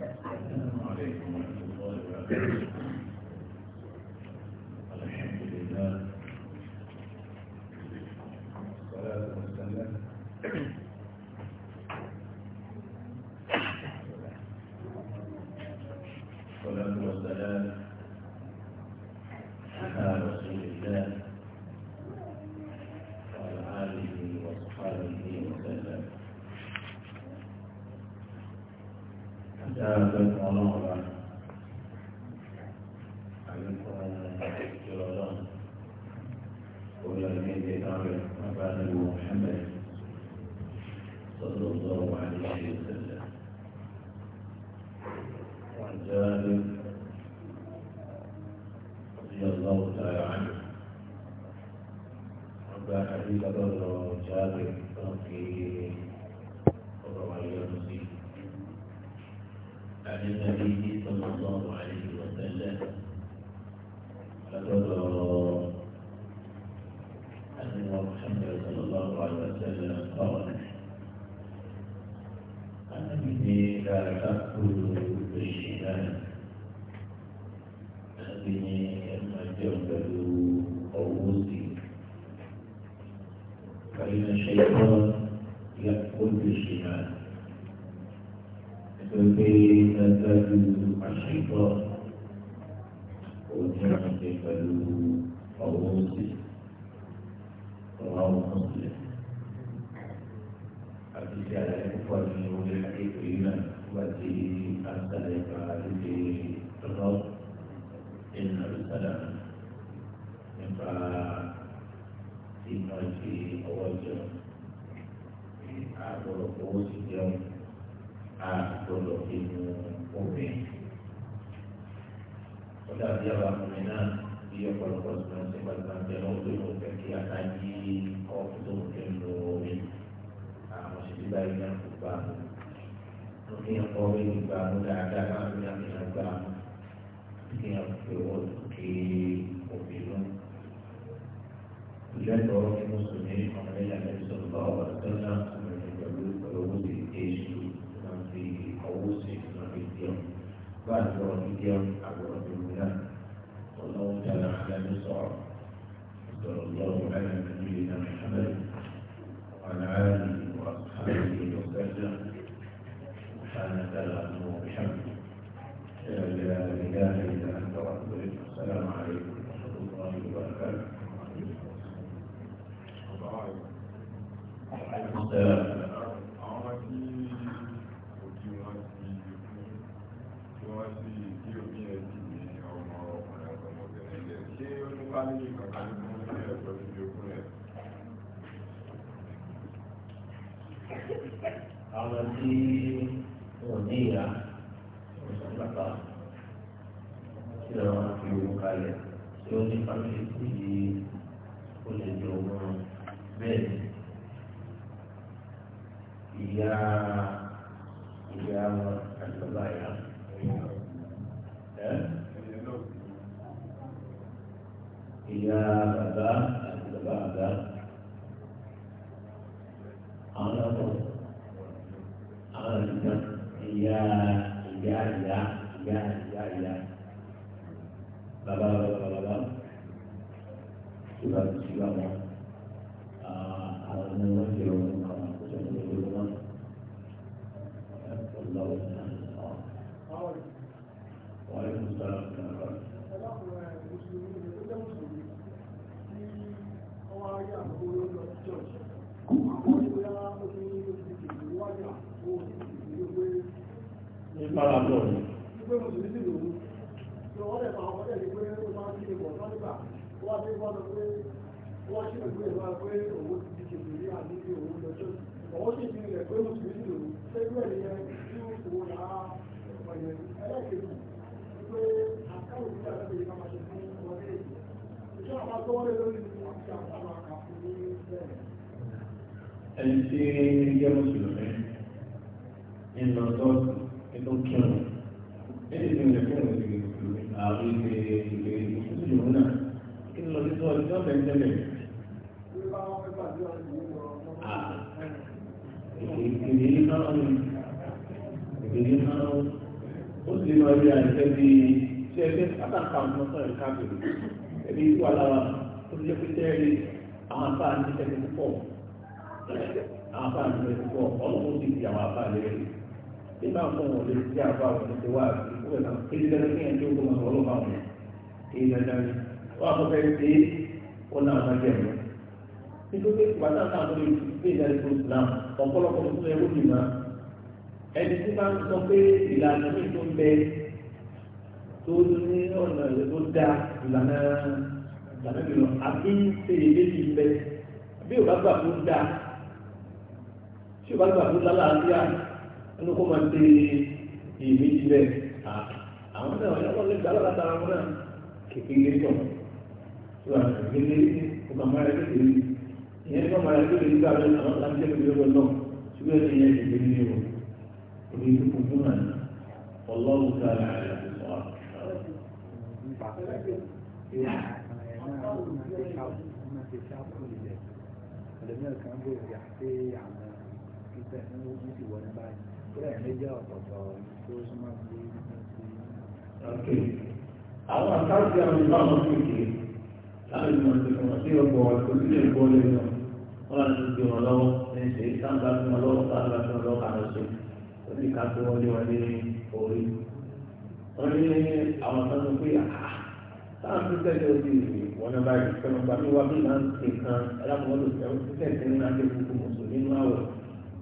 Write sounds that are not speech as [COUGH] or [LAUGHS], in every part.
Thank you. dúpẹ́ fún ọlọ́run ọba àlékún ìṣòro ọlọ́run orí ọdún ìdè kan rẹ̀ nípa nílùú Mohammed sọ́dọ̀ ọ̀dọ́ wà ní ìṣe ìṣẹ̀lẹ̀. wọ́n jẹ́ ọdún ọlọ́run tààrà ánì wọ́n gba àdúgbò lọ́dọ̀ jáde lọ́kì ọ̀rọ̀ ayélujára. عن النبي صلى الله عليه وسلم فقد أن محمد صلى الله عليه وسلم قال أنا مني لا أكل بالشمال أبني المجرد قوتي فإن الشيطان يأكل بالشمال الشيطان kí ẹ kọ́ bí ìgbà mú dáadáa máa ń yá ìyá gbà kí ẹ fi owó kí òbí lọ. lẹ́tọ̀ọ́ kí mùsùlùmí ọmọdéyà lè sọ bá ọ̀rọ̀ tó náà sọ̀rọ̀ pẹ̀lú owó sí èṣù náà fi owó sí náà fi bá àgbọ̀rọ̀ fi àgbọ̀rọ̀ fi bá ní ìkàkà ní fún ilé ẹ̀kọ́ okun rẹ̀. àwọn tí wọn ní ìyá wọn sọ bàbá tí wọn fi òun kalẹ̀ tí ó ní fámìlì tí yìí. pé òun ti di kèbèrè àdébí òun lọ́jọ́ ọwọ́ sì ti rẹ̀ pé mùsùlùmí lòun ṣẹ́gbẹ́ ìyẹn tí òun là á ọ̀yẹ̀ ẹlẹ́kẹ̀ẹ́kù pé àkáwò tí a lọ́dẹ̀ yìí máa ṣe fún wọlé èyí ìṣọ́ àwọn agbọ́wọ́lé lórí ìwọ̀n tí a sábà kà fún ní bẹ́ẹ̀. ẹni tí jẹ́ mùsùlùmí ń lọ sọ́ọ̀tù ètò kírun èyí ti rẹ̀ fún òun ti àwọn ìgbé ìgbé ìgbé ìgbé ìgbé ìgbé ìgbé lọ́nà ìgbèrè náà ó sì máa rí àìsẹ́ bí ṣe ẹgbẹ́ pátákà mọ́tọ́ ẹ̀ka bèrè ẹbí wà lára tó jẹ́ pé tẹ́rẹ̀ àwọn afá ní ẹgbẹ́ púpọ̀ àwọn afá ní ẹgbẹ́ púpọ̀ ọlọ́run ti di àwọn afá lé nígbà fún wọn lè ti àbá wọn ti wá àdúgbò ẹ̀ náà kí lẹ́nu kí ẹ̀ tó gbọmọ ọlọ́pàá wọn kí lẹ́nu wọn kọ́ fẹ́ ẹni tí bá ń sọ pé ìlànà mi tó ń bẹ tó ní ọ̀nà ìlú tó dáa ìlànà ìlànà mi lọ àbí ṣe èléyìí ń bẹ bí ò bá gbà tó dáa tí ò bá gbà tó lálàáfíà ẹnu kó máa ṣe èléyìí bẹ́ẹ̀ àwọn náà ọ̀yọ́ lè gbà lọ́la tara wọn náà kékeré tọ̀ tó wà kékeré kó máa máa rẹ̀ kékeré ìyẹn ní wọ́n máa rẹ̀ kékeré gbà lọ́la àwọn láti jẹ́ kékeré lọ́wọ́ ṣùgbọ́n ìyẹn kékeré ni o. يريدكم هنا والله تعالى على الصواب لما كان بيحكي عن كتاب نوبي وانا بعد ولا يعني جاء طبعا àwọn àkáàtì àwọn ìbáwọn kéèké láti mọ̀ ìṣẹ̀kùn sí ọgbọ̀n ọ̀tún nílé ìgbọ́lé náà wọ́n á ti gbé wọn lọ́wọ́ ní ṣe sáńgbà fún wọn lọ́wọ́ sáńgbà fún wọn lọ́wọ́ àlọ́ṣe. òbí ká tó wọlé wọlé orí wọn ní àwọn kan tó pé àhà ah, táwọn tó tẹ̀lé ojú ìwé wọn náà báyìí pẹ̀lú ọgbà mi wá bí máa ń ṣe kan ẹlẹ́kọ̀ọ́ lò sẹ́wọ́n tó tẹ̀lé ní adé gbogbo mùsùlùmí nínú àwọ̀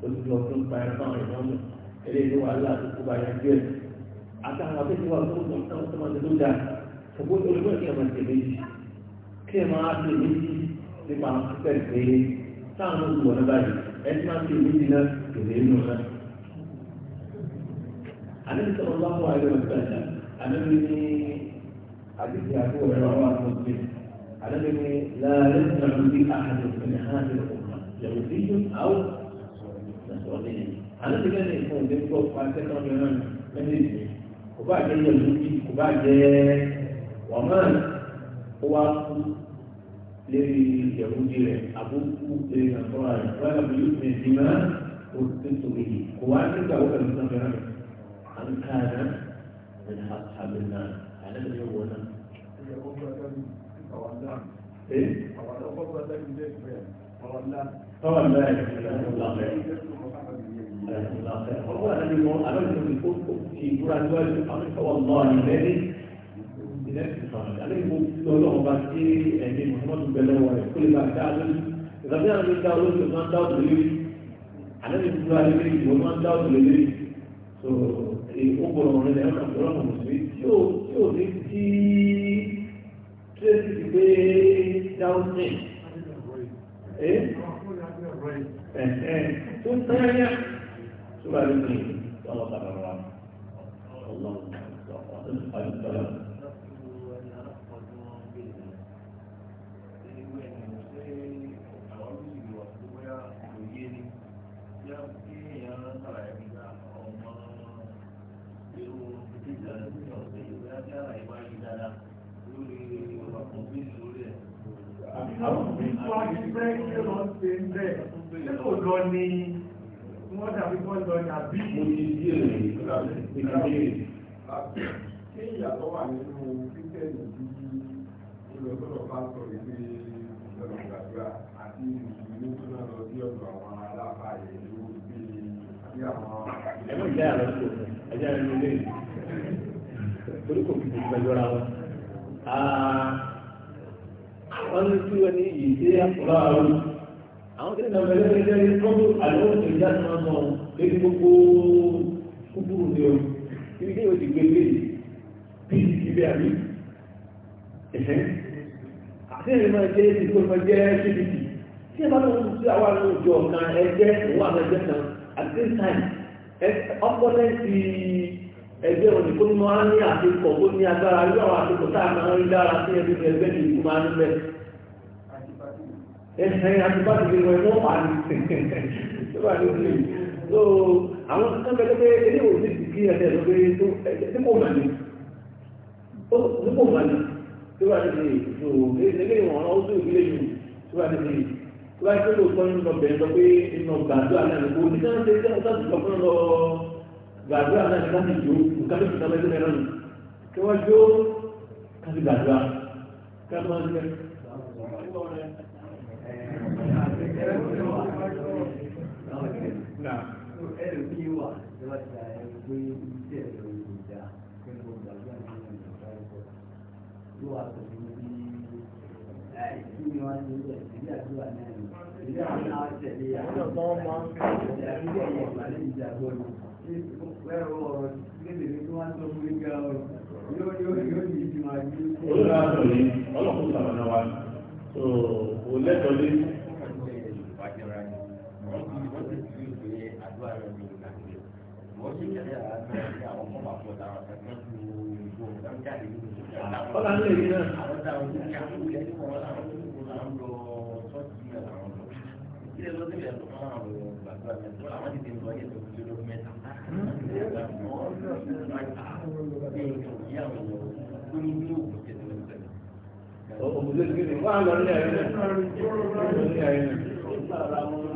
tó ti lọ fún ìpayà fáwọn ìdánwò eléyìí wà láti kó báyà jẹ́ àtàwọn akẹ́kọ̀ọ́ wa tó ń tọ́ tó máa ti tó dáa ṣùgbọ́n olùkọ́ ìkẹ́ máa ti méjì kí ẹ máa ti méjì nípa pípẹ́ ìpè táwọn olùkọ́ náà báyìí ẹ ti máa ti méjì náà kèlè nù náà àlejò sọ̀rọ̀ lọ́wọ́ àìlè ọ̀sẹ̀ àlejò ní àdìsí àti òwúrọ̀ wà lókè àlejò ní láàrin ìgbàlú bí àhàjò ìpínlẹ̀ hàn ní ọ̀gbọ̀n yẹ̀wò sí yóò àwọn ìṣòro ní àlejò ní ìfún òde gbọ́ pàṣẹ náà ní ọ̀nà méjèèjì kò bá jẹ́ yẹ̀wò sí kò bá jẹ́ wàmán ó wá kú lérí ìyẹ̀wò di rẹ̀ àbúkú lérí àtọ́ra rẹ̀ wọ́n yà من كان من أصحاب النار على الذي هو نار إيه؟ تولى هو الذي هو في قرآن واجب أمرك والله الذي بنفسه صار عليه لو بكتير يعني محمد بن بلوى كل ما كان إذا كان من داود من داود عليه على الإسلام ومن ó gbọ́dọ̀ wọn lẹ́yìn ọ̀nà tó lọ́nà mùsùlùmí tí ò tí ò ní tí tírẹ́sì ti gbé dáúnṣìn ẹ́ mo ti di èrè ìkàlẹ̀ ṣé ìyàtọ̀ wà nínú kíkẹ́ẹ̀nì tí olùsọ̀rọ̀ bá sọ wípé ìṣẹ̀lẹ̀ gbàgbà àti ìṣẹ̀lẹ̀ tó náà lọ sí ọ̀dọ̀ àwọn aláàbá yẹn ló gbé àbí àwọn. ẹ̀rọ ìjà rẹ̀ kò ẹ̀jẹ̀ rẹ̀ ló lé torí kò fi gbogbo ẹjọ́ ra wọn. Ah, wọ́n ní kí wọ́n ní ìdí àpò láàárọ̀ àwọn kí ni nàbẹ̀lẹ́ ẹgbẹ́ ní kọ́ńtò àlọ́ ìjà tó náà sọ̀rọ̀ lórí gbogbo kúkúrú ní ọ̀rọ̀ ibi tí yóò ti gbé lé bí ibi àmì ẹ̀hẹ́ àti ẹ̀rọ máa jẹ́ ibi tó jẹ́ ṣébìtì tí ẹ bá lọ́wọ́ tó àwọn àwọn òjò kan ẹgbẹ́ òun àwọn ẹgbẹ́ kan at the same time ẹgbẹ́ òní kó ní ní agbára yóò àwọn tá a máa ń dára sí ẹgbẹ́ ń bẹ̀. [LAUGHS] so àwọn kankan bẹ̀rẹ̀ pé ilé ìwò sí kí ẹ̀jẹ̀ ló gbé tó ẹ̀jẹ̀ tí kò mà ní ó tí kò mà ní tí wàá ti so ilé ìwọ̀n ó sì ìdílé yìí tí wàá ti tí wàá ti lò sọ́yún lọ bẹ̀rẹ̀ lọ pé iná gbàdúrà náà ní kò ní sáà ṣe ṣe ọ̀sán ìjọba fún lọ gbàdúrà náà ní láti jó nǹkan tó ti sọ lẹ́sẹ̀ mẹ́rin kí wọ́n jó káti gbàdúrà ká máa ń jẹ́ ẹ̀rù kí wà lọ́ta ẹ̀rù pé iṣẹ́ ìjà pé mo gbàgbé àwọn ìjọba ẹ̀kọ́ ló wà pẹ̀lú bí àìsí ni wọ́n ti ń bẹ̀ sílẹ̀ àdúrà náà ni ìdílé àwọn náà tẹ̀lé àwọn ọmọ ìdílé ẹ̀yẹ ìgbàlẹ̀ ìjà gbọ́dọ̀ ẹ̀rọ ọ̀rọ̀ níbi tí wọ́n tó fún ìgbà ọ̀rọ̀ yóò yóò ọlá ń lè rí náà. Òmùdó ìgbìmọ̀ wà lọ ní ẹ̀rí náà.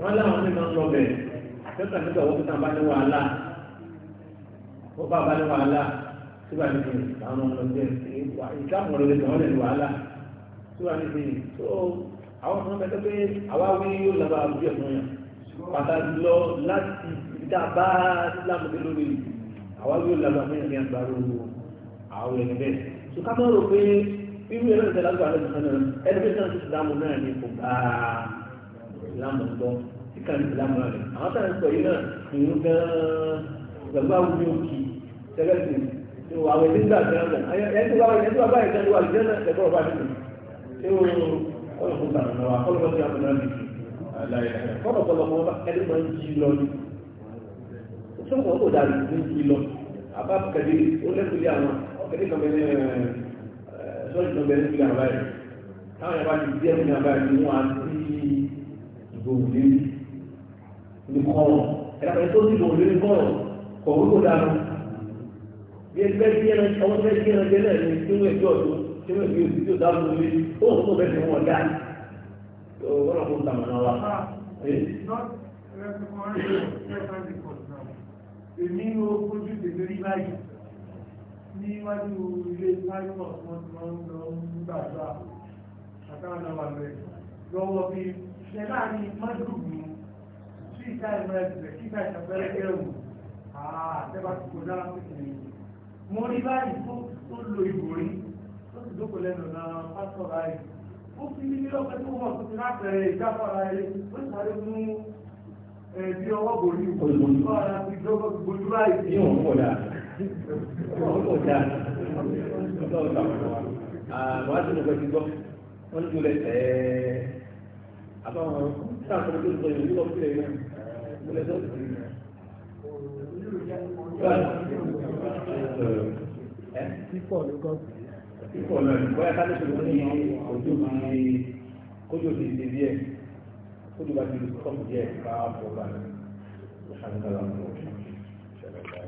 wọ́n láwọn ní máa ń lọ bẹ̀ tẹ́tà nígbà wọ́n tẹ́tà bá ní wàhálà ó bá bá ní wàhálà sígbà níbi àwọn ọmọ ọdẹ ìdáàmú ọ̀rọ̀ lẹ́nu ọ̀rẹ́ ní wàhálà sígbà níbi tó àwọn ọmọ ẹgbẹ́ pé àwa wí yóò lábàá bí ẹ̀fọn yàn pàtàkì lọ láti dábà lámùdé lórí àwa wí yóò lábàá mẹ́rin ní agbára àwọn ẹni bẹ́ẹ̀ tó rò pé irú ẹ̀rọ ìtẹ́lágbà lẹ́nu ìsìlámù gbọ́ tí kàn ìsìlámù rẹ̀ àwọn táwọn sọ yìí náà ìlú gan-an pẹ̀lú àwùjọ òkì tẹ́lẹ̀tì tí àwọn ẹni gbà gan b'a ẹni wà ẹni wà báyìí gan wà lùdẹ́ náà ẹ̀kọ́ ọba nínú tí ó kọ́nà fún tàbí náà kọ́nà fún tàbí náà nìkì kọ́nà fún ọba ẹni ń jí lọ ní ní jí lọ àbá ó ìgbòho ní kọ́rọ̀ ẹ̀rọ tó ti gbòho lérí kọ́rọ̀ kọ̀ wípé ó dára bí ẹgbẹ́ tí ẹran ọmọ tó fẹ́ kí ẹran ní tí wọ́n ẹjọ́ tó tí wọ́n ẹgbẹ́ òsì tí ó dára tó bẹ́ẹ̀ fi wọ́n dá ọ̀rọ̀ kó tàmà náà wá. Ah, èmi ń wo ojú tètè rí báyìí níwájú ilé táyọ̀ wọn ti ń lọ ń gbàdúrà àtàwọn náà wà lọ́wọ́ bíi ṣe láàrin mọ́dúrùbù sí ìta ìmọ̀ ẹgbẹ̀ sí ìta ìṣàpẹrẹ gẹ́rù àtẹ́bà ti kò dára pé kìí mo rí báyìí tó lo ìbòrí tó ti dókò lẹ́nu náà pásítọ̀ ráyè ó fi ní ní lọ́pẹ́ tó wọ́n tó ti látẹ̀rẹ̀ ìjáfọ́ ráyè ó sáré mú bí ọwọ́ borí olùkọ́ ara ti dọ́gbọ́ gbojú ráyè. yíò ń pọ̀ dáa ń pọ̀ dáa ń pọ̀ dáa wọ́n á ti lọ́pẹ́ ti gbọ́ wọ́n ti lọ́pẹ́ tẹ́ẹ́ àbáwọn sáàtọ̀ tó sọ ìlú lọ sílẹ̀ náà mo lẹ́sọ̀ sí Pípọ̀ ló kọ́ sí. Pípọ̀ náà bóyá ká ló ṣe lórí ojú ti kójú ti di díẹ̀ kójú bá ti sọ́ọ̀mù díẹ̀ ká bọ̀ bá ní. Ṣé àgbàlagbà ń bọ̀? Ṣé àgbàlagbà ń bọ̀?